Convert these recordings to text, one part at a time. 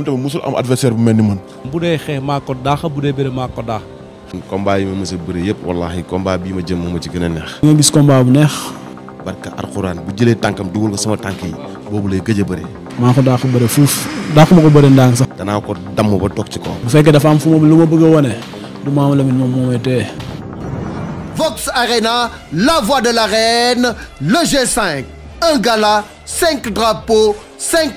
moom tamit mosul am adversaire bu mel ni man. bu dee xeex maa ko daax bu dee bëre maa ko daax. combat yi ma mës a bëri yëpp wallaahi combat bii ma jëm moo ma ci gën a neex. nga gis combat bu neex. barka alxuraan bu jëlee tànkam dugal ko sama tànk yi boobu lay gëj a bëri. maa ko daax bëri fuuf daax ko bëri ndànk sax. danaa ko damm ba toog ci kaw. a la voix de l'arène le G5 un gala cinq drapeaux cinq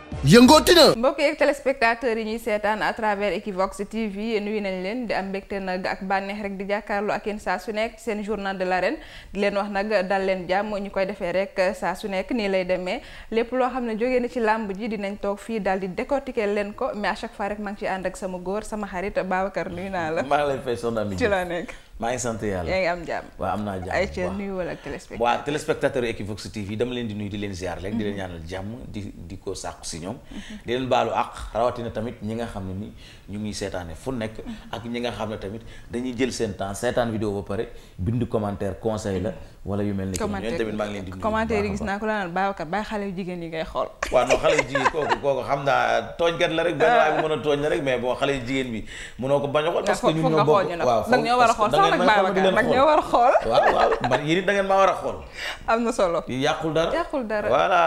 yëngooti na. mbokk yeeg téléspectateurs yi ñuy seetaan à travers Equivox TV nuyu nañ leen di am mbégte nag ak bànneex rek di jàkkaarloo ak yéen saa su nekk seen journal de l'arène di leen wax nag dal leen jàmm ñu koy defee rek saa su nekk nii lay demee lépp loo xam ne jógee na ci làmb ji dinañ toog fii daal di décortiquer leen ko mais à chaque fois rek maa ngi ciy ànd ak sama góor sama xarit Babacar nuyu naa la. maa ngi lay fay soxna mi ci laa nekk. maa ngi sant yàlla yaa ngi am jàmm waaw téléspectateur waaw TV dama leen di nuyu di leen ziar di leen mhm. ñaanal jàmm di di ko sàkku si ñoom mhm. di leen baalu ak rawatina tamit ñi nga xam ne ni ñu ngi seetaane fu nekk mhm. ak ñi nga xam ne tamit dañuy jël seen temps seetaan vidéo ba pare bind commentaire conseil la wala yu mel ni ñoom tamit maa ngi leen di nuyu commentaire gis naa ko la naan Babacar bàyyi xale yu jigéen yi ngay xool waaw non xale yu jigéen kooku kooku xam naa tooñkat la rek a tooñ la rek mais bon xale yu jigéen bi mënoo ko a nag Babacar nag ñoo war a xool. waaw waaw man ngeen maa war a xool. am na solo yàqul dara yàqul dara voilà.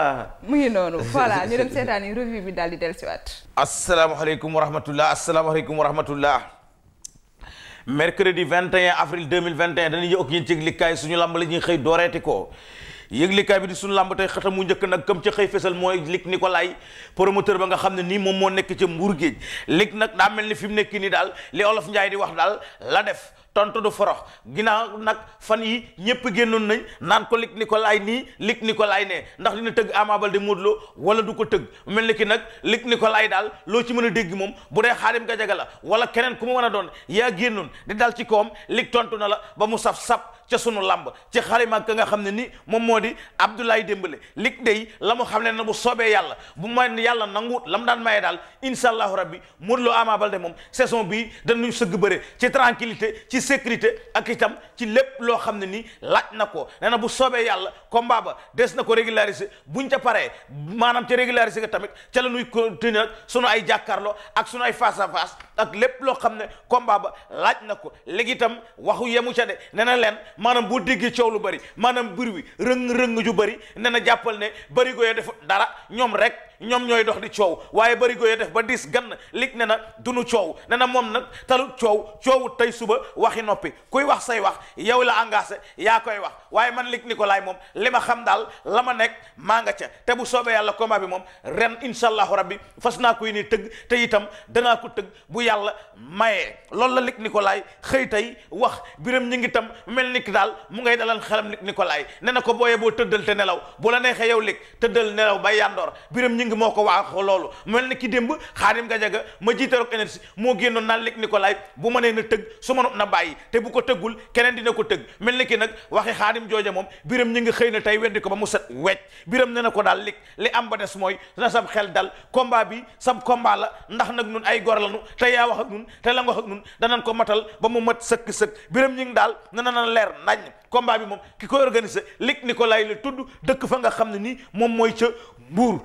mu ngi noonu voilà ñu dem seetaan yi revue bi daal di dellusiwaat. asalaamaaleykum wa rahmatulah asalaamaaleykum wa rahmatulah. mercredi 21 avril 2021 dañuy yëg ak yéen ci yëglikaay suñu lamb la ñuy xëy dooreeti ko yëglikaay bi di suñu lamb tey xëtam mu njëkk nag comme ca xëy fesal mooy Luc Nicolaï promoteur ba nga xam ne nii moom moo nekk ca Mbour Géej Luc nag daa mel ni fi mu nekk nii daal li Olof Njaay di wax daal la def tontu du forox ginnaaw nag fan yi ñëpp génnoon nañ naan ko lig Nicolas nii ni lig Nicolas ne ndax dina tëgg Ama Baldé Modou Lô wala du ko tëgg mel ni ki nag lig Nicolas daal loo ci mën a dégg moom bu dee Xaadim Gajaga la wala keneen ku mu mën a doon yaa génnoon di dal ci kawam lig tontu na la ba mu saf-sap ca sunu làmb ci xalima ka nga xam ne ni moom moo di Abdoulaye Dembélé lig day la mu xam ne na bu soobee yàlla bu may yàlla nanguwut la mu daan mayee daal incha allahu rabbi Modou Lô Ama Baldé moom saison bii dañuy sécurité ak itam ci lépp loo xam ne nii laaj na ko nee na bu soobee yàlla combat ba des na ko régulariser buñ ca paree maanaam ca régulariser tamit ca la ñuy continuer ak sunu ay jàkkaarloo ak sunu ay face à face ak lépp loo xam ne combat ba laaj na ko léegi waxu yemu ca de nee na leen maanaam boo déggee coow lu bëri maanaam bur wi rëng-rëng ju bari nee na jàppal ne bëri goyee def dara ñoom rek ñoom ñooy dox di coow waaye barigo ya def ba dis gann lig ne na dunu coow ne na moom nag talut coow coowut tey suba waxi noppi kuy wax say wax yow la engagé yaa koy wax waaye man lig Nicolas moom li ma xam daal la ma nekk maa nga ca te bu soobee yàlla combat bi moom ren incha allahu rabbi fas naa koy ni tëgg te itam danaa ko tëgg bu yàlla mayee loolu la lig Nicolas xëy tey wax biram ñi ngi tam mel ni ki daal mu ngay dalal xelam lig Nicolas ne na ko booyee boo tëddal te nelaw bu la neexee yow lig tëddal nelaw bay yandoor biram ñi ning moo ko wax loolu mel ni ki démb Xaadim Gajaga ma jiite Rock Énergie moo génnoon naan ko Nicolaï bu ma nee na tëgg su ma nopp na bàyyi te bu ko tëggul keneen dina ko tëgg mel na ki nag waxi Xaadim jooja moom biram ñi nga xëy na tey weddi ko ba mu set wecc biram ne na ko daal lig li am ba des mooy na sam xel dal combat bi sam combat la ndax nag nun ay gor lanu te yaa wax ak nun te la nga wax ak nun danañ ko matal ba mu mat sëkk-sëkk biram ñi ngi daal na na leer nañ combat bi moom ki koy organisé Luc Nicolaï la tudd dëkk fa nga xam ne nii moom mooy ca Mbuur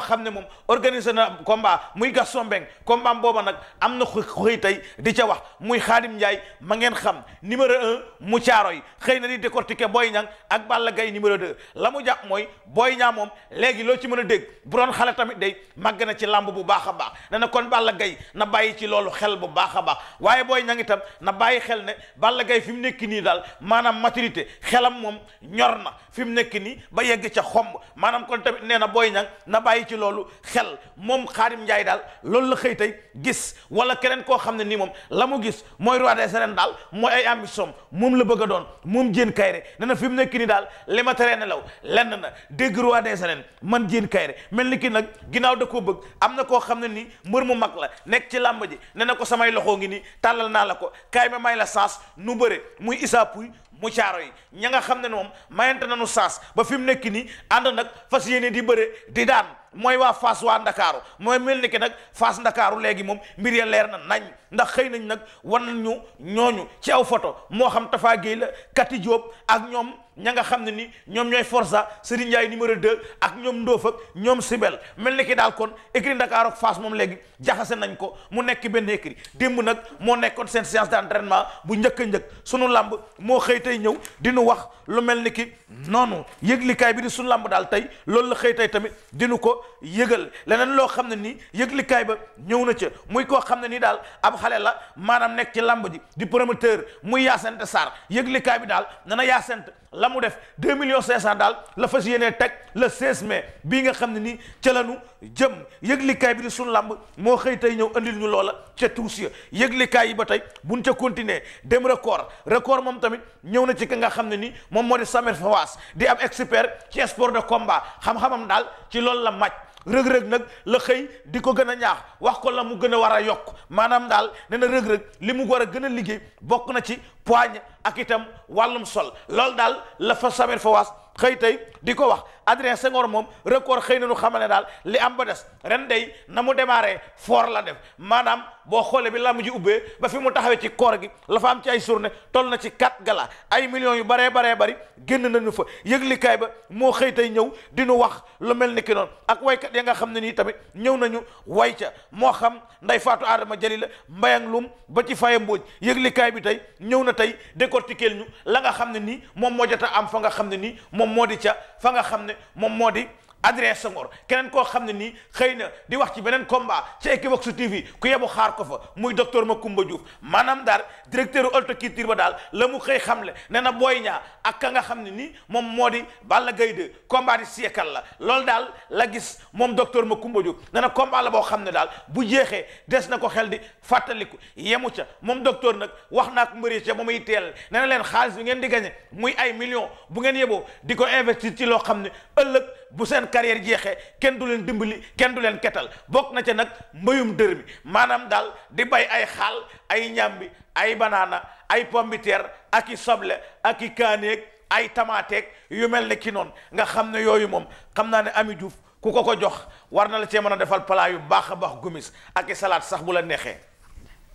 koo xam ne moom organisé na combat muy Gaston Mbengue combat booba nag am na xëy tey di ca wax muy Xaadim Ndiaye ma ngeen xam numéro un mu caaro yi xëy na di décortiquer booy Niang ak Balla gay numéro deux la mu jàpp mooy booy Niang moom léegi loo ci mën a dégg bu doon xale tamit day màgg na ci làmb bu baax a baax ne na kon Balla gay na bàyyi ci loolu xel bu baax a baax waaye Boy Niang itam na bàyyi xel ne Balla gay fi mu nekk nii daal maanaam maturité xelam moom ñor na fi mu nekk nii ba yegg ca xomb maanaam kon tamit nee na ci loolu xel moom Xaadim Njaay daal loolu la xëy tey gis wala keneen koo xam ne nii moom la mu gis mooy roi des arènes daal mooy ay ambition moom la bëgg a doon moom Diène kayre ne na fi mu nekk nii daal li ma teree nelaw lenn na dégg roi des arènes man Diène kayre mel ni kii nag ginnaaw da koo bëgg am na koo xam ne nii mbër mu mag la nekk ci làmb ji ne ko samay loxoo ngi nii tàllal naa la ko kaay ma may la saas nu bëre muy Issa Pouye mu caaro yi ña nga xam ne moom mayante nu saas ba fi mu nekk nii ànd nag fas yéene di bëre di daan mooy waa fas waa Ndakaaru mooy mel ni que nag Fass Ndakaaru léegi moom mbir ya leer na nañ ndax xëy nañ nag wan ñu ñooñu ci aw photo moo xam Tafa Gueye la Kati Diop ak ñoom. ña nga xam ne ni ñoom ñooy Forza Serigne Ndiaye numéro 2 ak ñoom ndoofak ñoom Sibel mel ni ki daal kon écurie Dakar ak Fass moom léegi jaxase nañ ko mu nekk benn écurie démb nag moo nekkoon seen séance d'entraînement bu njëkk a njëkk sunu lamb moo xëy tey ñëw dinu wax lu mel ni ki noonu yëglikaay bi di sunu lamb daal tey loolu la xëy tamit dinu ko yëgal leneen loo xam ne nii yëglikaay ba ñëw na ca muy koo xam ne nii daal ab xale la maanaam nekk ci lamb ji di promoteur muy Yacine Sarr yëglikaay bi daal nana Yacine la mu def deux millions cinq cent daal la fas yéenee teg le 16 mais bii nga xam ne nii ca la ñu jëm yëglikaay bi di sunu làmb moo xëy tey ñëw andil ñu loola ca tuus ya yëglikaay yi ba tey buñ ca continuer dem record record moom tamit ñëw na ci ki nga xam ne nii moom moo di Samer Fawaas di am expert ci sport de combat xam-xamam daal ci loolu la màcc rëg-rëg nag la xëy di ko gën a ñaax wax ko la mu gën a war a yokk maanaam daal ne rëg-rëg li mu war a gën a liggéey bokk na ci poigne ak itam wàllum sol loolu daal la fa Samir Fawaz xëy tey di ko wax Adrien Senghor moom record xëy na nu xamal ne daal li am ba des ren day na mu démarré foor la def maanaam boo xoolee bi lamb ji ubbee ba fi mu taxawee ci koor gi la fa am ci ay journée toll na ci 4 gala ay million yu baree baree bari génn nañu fa yëglikaay ba moo xëy tey ñëw di wax lu mel ni ki noonu ak waykat ya nga xam ne nii tamit ñëw nañu way ca moo xam nday faatu aadama jëli la mbayang lum ba ci faye mbooj yëglikaay bi tey ñëw na tey décortiquer ñu la nga xam ne nii moom moo jot a am fa nga xam ne nii moom moom moo di ca fa nga xam ne moom moo di sa Senghor keneen koo xam ne nii xëy na di wax ci beneen combat ci Equivox TV ku yebu xaar ko fa muy docteur Macoumba Diouf maanaam daal directeur horticulture ba daal la mu xëy xamle nee na Boy Niang ak ka nga xam ne nii moom moo di Balla Gaye 2 combat di siècle la loolu daal la gis moom docteur ma Diouf nee na combat la boo xam ne daal bu jeexee des na ko xel di fàttaliku yemu ca moom docteur nag wax naa ko mbëri ca ba muy teel nee na leen xaalis bi ngeen di gagné muy ay millions bu ngeen yeboo di ko investir ci loo xam ne ëllëg bu seen seen carrière jeexee kenn du leen dimbali kenn du leen ketal bokk na ca nag mbayum dër mi maanaam daal di bay ay xaal ay ñambi ay banaana ay pombiteer ak i soble ak i kaaneeg ay tamaateeg yu mel ne ki noonu nga xam ne yooyu moom xam naa ne Ami Diouf ku ko ko jox war na la cee mën a defal palaa yu baax a baax gumis ak i salaat sax bu la neexee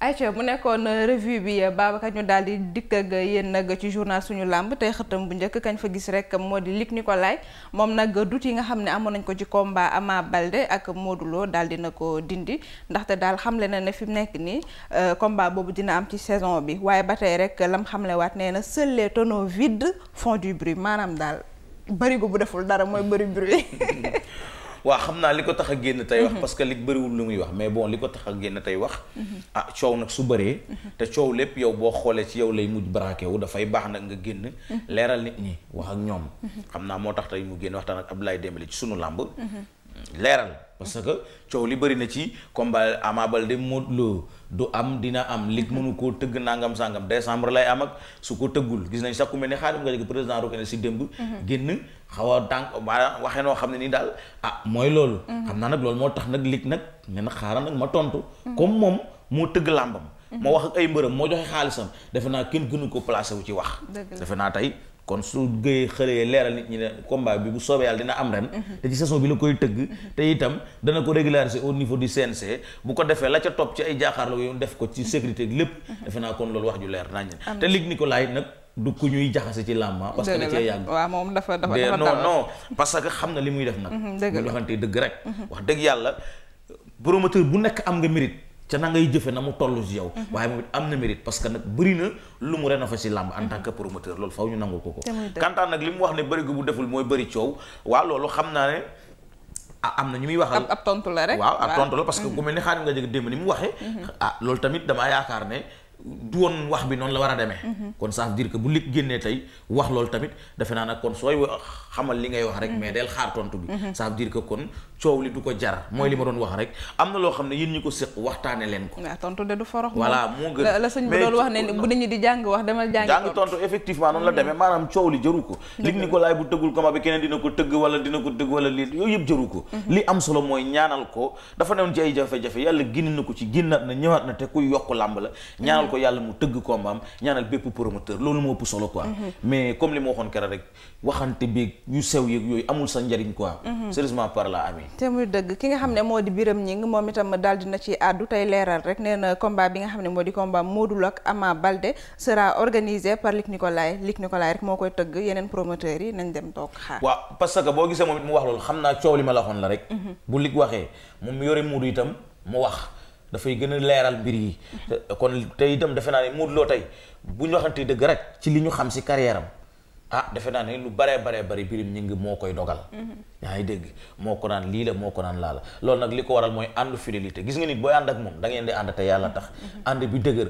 ay ayca bu nekkoon euh, revue bi euh, Babacar ñu daal di dikk ak euh, yéen nag ci journal suñu làmb tey xëtam bu njëkk kañ fa gis rek moo di ni ko Nicolaï moom nag dut yi nga xam ne amoon nañ ko ci combat Ama Baldé ak Modou Lo daal na ko dindi ndaxte daal xamle na ne fi mu nekk nii combat boobu dina am ci saison bi waaye ba tey rek lam xamle waat nee na seuls les tonneaux vides font du bruit maanaam daal bërigo bu deful dara mooy bëri bruit waa xam naa li ko tax a génn tey wax mhm. parce que li bëriwul lu muy wax mais bon li ko tax a génn tey wax mhm. ah coow nag su bëree mhm. te coow lépp yow boo xoolee ci yow lay mujj braqué wu dafay baax nag nga génn leeral nit ñi wax ak ñoom xam naa moo tax tey mu génn waxtaan ak Abdoulaye Dembélé ci sunu làmb leeral parce que coow li bëri na ci combat Ama de Modou Lô du am dina am lig mënu koo tëgg nangam sangam décembre lay am ak su ko tëggul gis nañ sa ku mel ne xaadim nga jëg président rokene si démb génn xaw a tànk maa waxee noo xam ne nii daal ah mooy loolu. Mhm. xam naa nag loolu moo tax nag lig nag nee na xaaral nag ma tontu. comme moom moo tëgg làmbam. Mhm. moo wax ak ay mbërëm moo joxe xaalisam defe naa kenn gënu ko placé wu ci wax. defe naa tey kon su gëyee xëree leeral nit ñi ne combat bi bu soobee yàlla dina am ren. Mhm. te ci saison bi la koy tëgg. te itam dana ko régulariser au niveau du CNC bu ko defee la ca topp ci ay jaaxaarloo yoon def ko ci sécurité lépp. defe naa kon loolu wax ju leer nañ te lig Nicolas nag. du ku ñuy jaxase ci làmba ah, parce que moom dafa dafa dafa non que xam na li muy def nag ñu mm-hmm, waxante dëgg rek mm-hmm. wax dëgg yàlla promoteur bu nekk am nga mérite ca na ngay jëfe na mu toll ci yow mm-hmm. waaye moom it am na mérite parce que nag bëri na lu mu rena fa ci làmb en tant que promoteur loolu faw ñu nangu ko ko kantaan nag li mu wax ne bëri gu bu deful mooy bëri coow waa loolu xam naa ne ah am na ñu muy waxal ab tontu la rek waaw ab tontu la parce que ku mel ni xaarim nga jëg démb ni mu waxee ah loolu tamit damaa yaakaar ne du woon wax bi noonu la war a demee. Mhm. kon ça veut dire que bu lig génnee tey wax loolu tamit defe naa nag kon sooy xamal li ngay wax rek mm-hmm. mais del xaar tontu bi mm-hmm. ça dire ko jar xam ne li jëru ko lig ni ko laay bu tëggul combat bi keneen dina ko tëgg wala dina ko tëgg wala lii yooyu yëpp jëru ko mm-hmm. li am solo mooy na ko ci génnaat na ñëwaat na te kuy yokk làmb la ñaanal ko yàlla mu tëgg combat am ñaanal bépp promoteur loolu moo ëpp comme li ma waxoon keroog rek waxante bi yu sew yeeg yooyu amul sa njariñ quoi. Mhm. sérieusement par la amee. te muy dëgg ki nga xam ne moo di biram ñi ngi moom itam daal dina ci àddu tey leeral rek nee na bi nga xam ne moo di combat Modou ak Ama Baldé sera organisé par Luc Nicolaï Luc Nicolaï rek moo koy tëgg yeneen promoteurs yi nañ dem toog xaar. waaw parce que boo gisee moom it mu wax loolu xam naa coow li la waxoon la rek. Mhm. bu Luc waxee moom yore Modou itam mu wax. dafay gën a leeral mbir yi mhm. kon te itam defe naa ne Modou Lo tey bu li xam si carrière am ah defe naa ne lu baree baree bari birim ñu ngi koy dogal mhm. yaa ngi dégg ko naan lii la moo ko naan laa la loolu nag li ko waral mooy àndu fidélité gis nga nit booy ànd ak moom da ngeen di ànd te yàlla tax mhm. ànd bi dëgër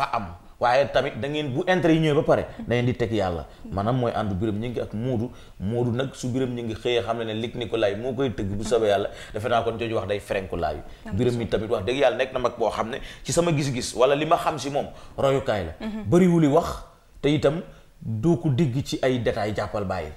fa am waaye tamit da ngeen bu intérêt yi ba pare da di teg yàlla mhm. maanaam mooy àndu biram ñu ngi ak moodu moodu nag su biram ñu ngi xëyee xam ne ne lig nikolaay moo koy tëgg bu soobee yàlla defe naa kon jooju wax day frenku laayu biram mi tamit wax dëgg yàlla nekk na mag boo xam ne ci sama gis-gis wala li ma xam si moom royukaay la bëriwuli wax te itam doo ko dégg ci ay détails jàppal bàyyi.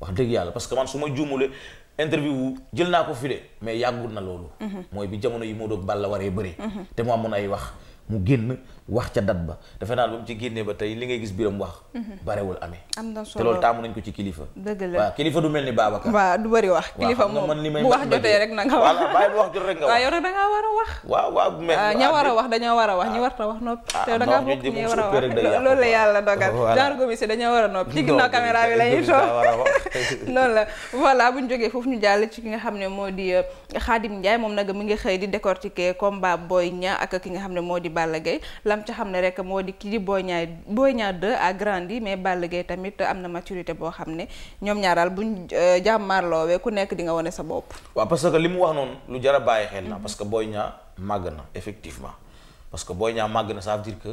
wax dëgg yàlla parce que man su ma juumulee interview jël naa ko fi de mais yàggul na loolu. Mhm. mooy bi jamono yi moo doog Balla waree bëri. Mhm. te mu amoon ay wax. mu génn wax ca dat ba defe naa ba mu ci génnee ba tey li ngay gis biram wax barewul amee am na solo te loolu taamu nañ ko ci kilifa dëgg la waaw kilifa du mel ni Babacar waaw du bëri wax kilifa moom bu wax jotee rek na nga wax waaw bàyyi bu wax jot rek nga wax waaw yow nag da ngaa war a wax waaw waaw mel ah, ña war a wax dañoo war a wax ñi ah, da ngaa bokk ñi war a wax loolu la yàlla dogal genre gomi si dañoo war a noppi ci ginnaaw caméra bi la ñuy toog noonu la voilà buñ jógee foofu ñu jàll ci ki nga xam ne moo di euh, Khadim Ndiaye Balla Gaye lam ca xam ne rek moo di kii di Boy Niang Boy Niang 2 a grandi mais Balla Gaye tamit am na maturité boo xam ne ñoom ñaaral buñ euh, jàmmarloowee ku nekk dinga nga sa bopp. waaw parce que li mu wax noonu lu jar a bàyyi xel na parce que Boy Niang màgg na effectivement parce que Boy Niang màgg na ça veut dire que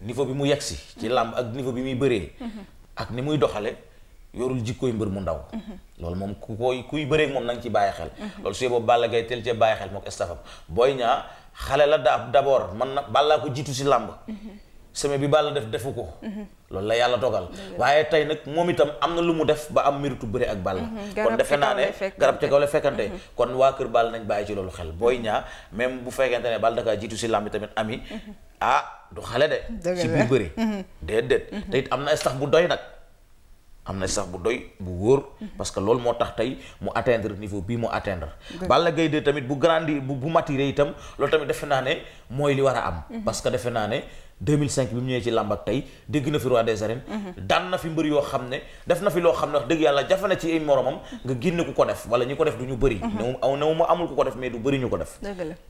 niveau bi mu yegsi ci làmb ak niveau bi muy bëree. ak ni muy doxale yorul jikkooy mbër mu ndaw. loolu moom ku koy kuy bëree moom na nga ci bàyyi xel. loolu su boobu Balla Gaye teel cee bàyyi xale la da d'abord man na bàllaa ko jiitu si làmb semaine bi bàll def defu ko loolu la yàlla dogal waaye tey nag moom itam am na lu mu def ba am méritu bëre ak bàll mhm. kon defe naa ne garab te kaw la fekkante mhm. kon waa kër bàll nañ bàyyi ci loolu xel booy ñaa même bu fekkente ne bàll dakaa jiitu si làmb tamit ami mhm. ah du xale de si biir bëri déedéet te it am na staff bu doy nag am na sax bu doy bu wóor parce que loolu moo tax tey mu atteindre niveau bi mu atteindre Balla Gaye 2 tamit bu grandi bu bu maturé itam loolu tamit defe naa ne mooy li war am mhm. parce que defe naa ne 2005 bi mu ci làmb ak tey dégg na fi roi des arènes mhm. daan na fi mbër yoo xam ne def na fi loo xam ne yàlla jafe na ci ay moromam nga génn ku ko def wala ko def du ñu bëri mhm. new new ma amul ko def mais du bëri ko def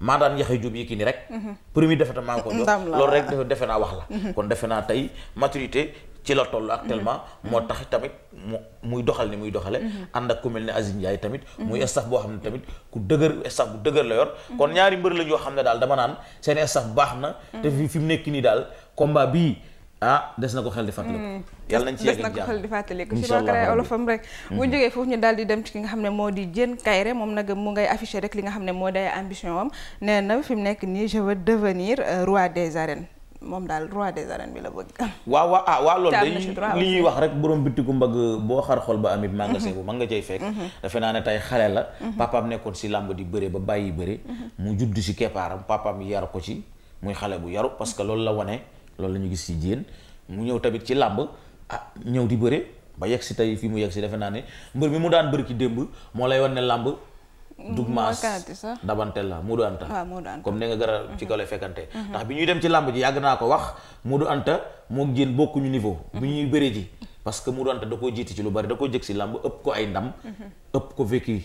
maa daan yaxee jub yi kii ni rek premier defeta maa ko jox defe naa wax la kon defe naa tey maturité ci la toll actuellement mm-hmm. moo tax tamit mu muy doxal ni muy doxale mm-hmm. ànd ak ku mel ne Aziz Ndiaye tamit mm-hmm. muy staff boo xam ne tamit ku dëgër staff bu dëgër la yor kon ñaari mbër lañ yoo xam ne daal dama naan seen staff baax na te fi mu nekk nii daal combat bii ah na ko xel di fàttaliku yàlla nañ ci yegg na ko xel di fàttaliku si bakara olofam rek bu ñu jógee foofu ñu daal di dem ci ki nga xam ne moo di Diène Kaïré moom nag mu ngay affiché rek li nga xam ne moo day ambition am nee na fi mu nekk nii je veux devenir euh, roi des arènes moom daal roi des arènes bi la bëgg. waaw waaw ah waaw loolu day li ñuy wax rek borom bitigu mbagg boo xar xol ba amit magasin bu mhm. mag nga cay fekk. Mhm. defe naa ne tey xale la. Mhm. papaam nekkoon si làmb di bëre ba bàyyi bëre. mu juddu si keppaaram papaam yaru ko ci muy xale bu yaru parce que loolu la wane loolu la ñu gis si jéen mu ñëw tamit ci làmb ah ñëw di bëre ba yegg si tey fii mu yegg si defe naa ne mbër bi mu daan bëri ci démb moo lay wan ne làmb. dugmaas dabante la Moodu Anta comme ne nga a ci mm-hmm. kaw lay fekkante mm-hmm. ndax bi ñuy dem ci làmb ji yàgg naa ko wax Moodu Anta moo jén bokkuñu niveau mm-hmm. bi ñuy bëri ji parce que Moodu Anta da koo jiiti ci lu bari da koo jëg si làmb ëpp ko ay ndam ëpp ko vécu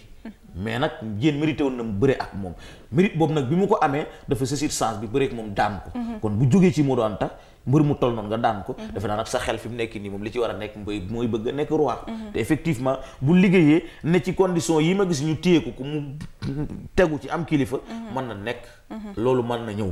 mais nag jéen mérité woon na mu bëre ak moom mérite boobu nag bi mu ko amee dafa saisir chance bi bëre ak moom daan ko kon bu jógee ci Moodu Anta mbër mu toll noonu nga daan ko mhm. defe naa nag sa xel fi mu nekk nii moom li ci war a nekk mooy mooy bëgg a nekk roi mhm. te effectivement bu liggéeyee ne ci condition yi ma gis ñu téye ko ku mu tegu ci am kilifa mhm. mën na nekk loolu mën na ñëw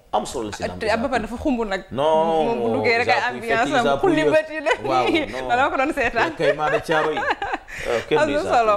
am solo la si lamb ba dafa xumb nag. non moom bu duggee rek ay ambiance am xulli bët yi la. waaw non wala ko doon seetaan. am solo kenn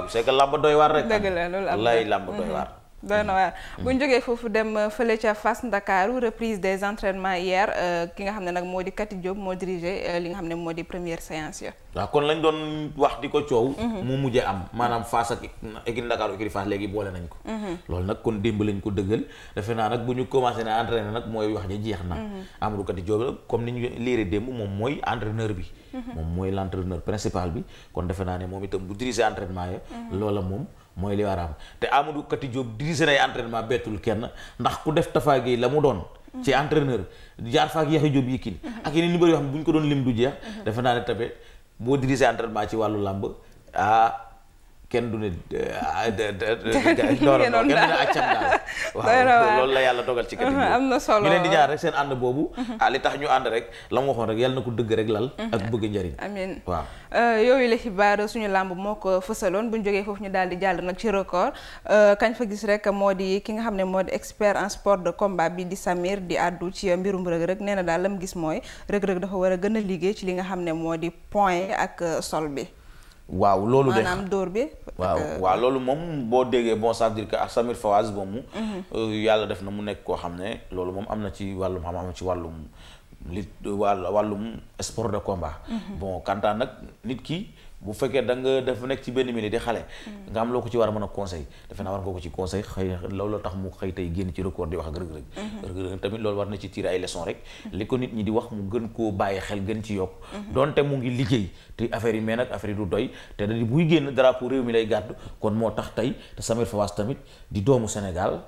c'est lamb doy waar rek. dëgg la loolu am na lamb doy waar. doy na bu ñu foofu dem euh, fële ca Fass Ndakaaru reprise des entraînements hier euh, ki nga xam ne nag moo di Kati Diop moo dirigé euh, li nga xam ne moo di première séance kon lañ doon wax di ko coow mhm. mu mujjee am maanaam Fass ak équipe Ndakaaru équipe Fass léegi boole nañ ko mhm. loolu nag kon démb lañ ko dëggal defe naa nag bu ñu commencé na entraîné nag mooy wax ji jeex na mhm. Amadou Kati Diop nag comme ni ñu liire démb moom mooy entraîneur bi moom mooy l' entraîneur principal bi kon defe naa ne moom itam bu dirigé entraînement ya loola moom mooy li war a am te Amadou Kati Diop dirigé nay entraînement bettul kenn ndax ku def Tapha Gueye la mu doon ci entraîneur jaar faak Yaxya Diop Yékini ak yeneen ni bëri yoo xam ne bu ñu ko doon lim du jeex defe naa ne tamit boo dirigé entraînement ci wàllu làmb ah kenn du ne ah, non non kenn du loolu la yàlla dogal ci kati am na solo ñu leen di ñaan rek seen ànd boobu mhm. ah li tax ñu ànd rek la mu waxoon rek yàlla na ko dëgg rek lal mhm. ak bëgg njariñ amiin waaw euh, yooyu la xibaar suñu làmb moo ko fësaloon bu ñu jógee foofu ñu daal di jàll nag ci record euh, kañ fa gis rek moo di ki nga xam ne moo di expert en sport de combat bi di Samir di àddu ci mbirum Reug Reug nee na daal lam gis mooy Reug Reug dafa war a gën a liggéey ci li nga xam ne moo di point euh, sol bi waaw loolu de maanaam bi. waaw waaw loolu moom boo déggee bon c'est-à-dire que ak Samir Fawaz mhm. euh, yàlla def na mu nekk koo xam ne loolu moom am na ci wàllum xam-xam ci wàllum lit wàllum sport de combat. Mhm. bon kantaan nag nit ki. bu fekkee da nga dafa nekk ci benn milieu di xale mm. nga am loo ko ci war a mën a conseil defe naa war nga ko ci conseil xëy loolu tax mu xëy tey génn ci record di wax ak rëg-rëg mm-hmm. rëg tamit loolu war na ci tiir ay leçon rek mm-hmm. li ko nit ñi di wax mu gën koo bàyyi xel gën ci yokk mm-hmm. donte mu ngi liggéey te affaire yi mais nag affaire yi du doy te da buy génn drapeau réew mi lay gàddu kon moo tax tey te Samir Fawas tamit di doomu Sénégal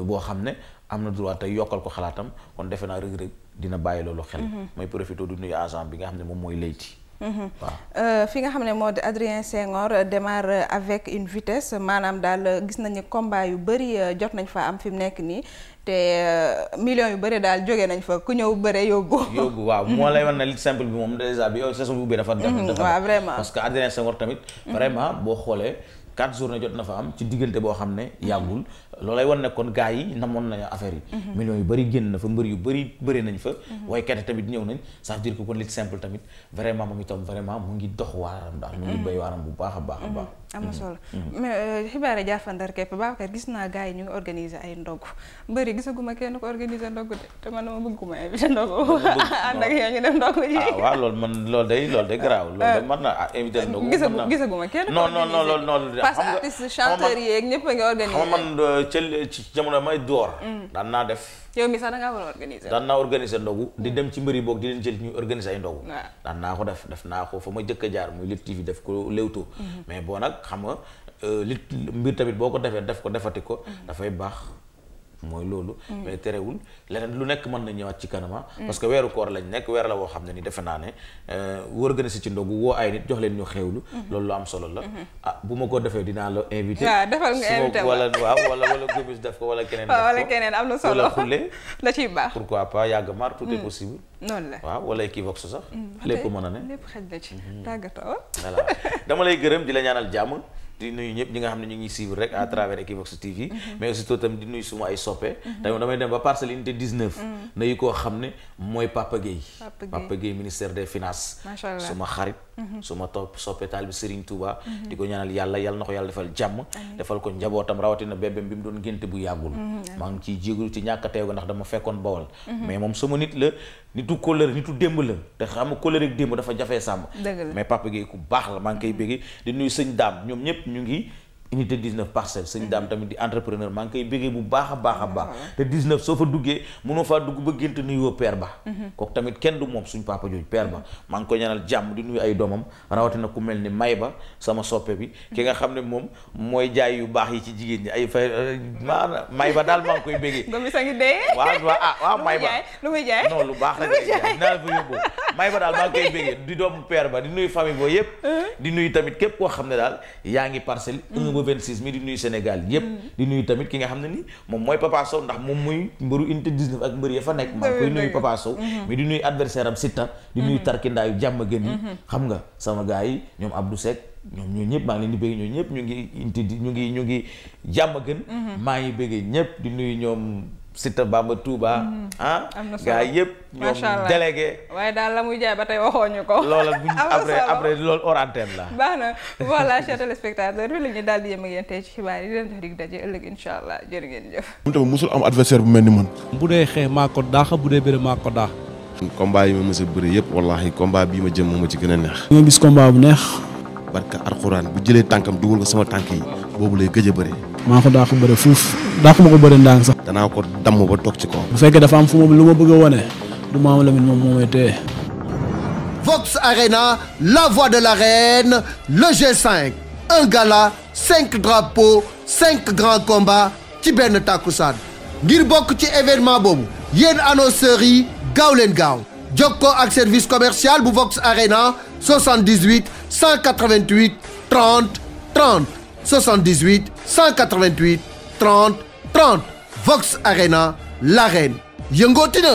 boo xam ne am na droit tey yokkal ko xalaatam kon defe naa rëg-rëg dina bàyyi loolu xel mooy profité du nuyu agent bi nga xam ne mooy layti waaw euh, fi nga xam ne moo di Adrien Senghor démarre avec une vitesse maanaam daal gis nañu combat yu bëri euh, jot nañ fa am fi mu nekk nii te euh, millions yu bari daal jóge nañ fa ku ñëw bëre yóbbu. yóbbu waaw moo lay wan na lit simple bi moom déjà bi yow saison bu ubbee dafa. Mhm, dafa waaw vraiment parce que Adrien Senghor tamit. Mhm. vraiment boo xoolee quatre jours jot na fa am ci diggante boo xam ne yàggul. loolay wan ne kon gars yi namoon nañu affaire yi mhm. millions yu bëri génn na fa mbër yu bëri bëri nañ fa mhm. waykat tamit ñëw nañ ça veut dire que kon lutte simple tamit vraiment moom itam vraiment mu ngi dox waaram daal mu ngi mhm. béy waaram bu baax a baax a baax ko euh, organiser ndog de te man dama bëgg ku ma invité chanteur yeeg ñëpp a ngi organiser man euh, ca ci jamono may door. Mm. daan naa def. yow mi sax da ngaa war a organiser. daan naa organiser ndogu. di dem ci mbir yi boog di leen jël ñuy organiser ay ndogu. daan naa ko def def naa ko fa ma jëkk a jaar muy Lutte TV def ko Leewtoo. Mm-hmm. mais boo nag xam nga euh, lit mbir tamit boo ko defee def ko defati ko. Mm-hmm. dafay baax. mooy loolu. Mm. mais terewul leneen lu nekk mën na ñëwaat ci kanama. Mm. parce que weeru koor lañ nekk weer la woo xam ne ni defe naa ne euh, organiser ci ndogu woo ay nit jox leen ñu xewlu. Mm-hmm. loolu la am solo la. Mm-hmm. ah bu ma ko defee dinaa la invité. waaw defal nga invité wala waaw wala wala Gomis def ko wala keneen. def ko wala keneen am na solo wala xulle. da ciy baax pourquoi pas yàgg mar tout est mm. possible. noonu la waaw wala Equivox sax. lépp mën a ne lépp xaj na ci. Mm-hmm. tàggatoo voilà dama lay gërëm di la ñaanal jàmm. di nuyu ñëpp ñi nga xam ne ñu ngi suivre rek à mhm. travers Equivox TV mhm. mais aussi tam di nuyu suma ay soppe mhm. tamit damay dem ba parcelle unité 19 nuyu koo xam ne mooy Papa Guèye Papa Guèye ministère suma xarit suma topp soppe taal bi Serigne Touba di ko ñaanal yàlla yàlla na ko yàlla defal jàmm defal ko njabootam rawatina bébém bi mu doon ngénte bu yàggul maa ngi ciy jégalu ci ñàkk a teew ndax dama fekkoon bawal mais moom suma nit la du nitu kóllëre nitu démb la te xam nga kóllëre démb dafa jafee sàmm mais Papa Gueye ku baax la maa ngi koy bëggee di nuyu sëñ daam ñoom ñëpp ñu ngi unité 19 parcelle sëñ daam mm-hmm. tamit di entrepreneur maa ngi koy béggee bu baax a baax a baax mm-hmm. te 19 soo fa duggee mënoo faa dugg ba gént nuyoo père ba mm-hmm. kooku tamit kenn du ba maa ngi koy ñaanal nuyu ay ba sama soppe bi ki nga xam ba daal maa ngi koy béggee gomi ba di doomu père ba di nuyu famille boo yëpp di nuyu tamit képp koo xam ne daal yaa ngi parcelle ba 26 mi di nuyu Sénégal yépp mm. di nuyu tamit ki nga xam ne ni moom mooy Papa ndax moom muy mbëru unité 19 ak mbër ya nekk maa koy nuyu Papa Sow mm-hmm. di nuyu adversaire am Siteu di nuyu mm-hmm. tarkindaayu jàmm gën yi mm-hmm. xam nga sama gars yi ñoom Abdou Seck ñoom ñëpp maa ngi leen di bëgg ñoo ñëpp ñu ngi unité ñu ngi ñu ngi jàmm gën maa ngi bëgg ñëpp di nuyu ñoom Sita Bamba Touba. Mhm. ah gaa yëpp. macha allah ñoom délégué. waaye daal la muy jaay ba tey waxoo ñu ko. loola bu après après loolu la. baax na voilà chers téléspectateurs bi daal di yem ak tey ci xibaar yi di leen jox dig allah jërë ngeen jëf. moom tamit mosul bu mel ni man. bu dee xeex maa ko daax bu dee bëre maa ko daax. combat yi ma mës a bëri yëpp wallaahi combat bii ma jëm moo ma ci gën a neex. ñoo gis combat bu neex. barka alxuraan bu jëlee tànkam dugal ko sama tànk yi boobu lay gëj a bëri maa ko daa ko bëre fuuf daa ko ma ko bëre ndànk sax. danaa ko damm ba toog ci kaw. bu fekkee dafa am fu mu lu ma bëgg a wane du maam Lamine moom moo may téye. Vox Arena la voix de l'arène le G5 un gala cinq drapeaux cinq ci benn takkusaan ngir bokk ci événement boobu yéen annonceurs yi gaaw leen gaaw jokkoo ak service commercial bu Vox Arena 78 188 30 30. 78 188 30 30 Vox Arena l'arène yëngooti na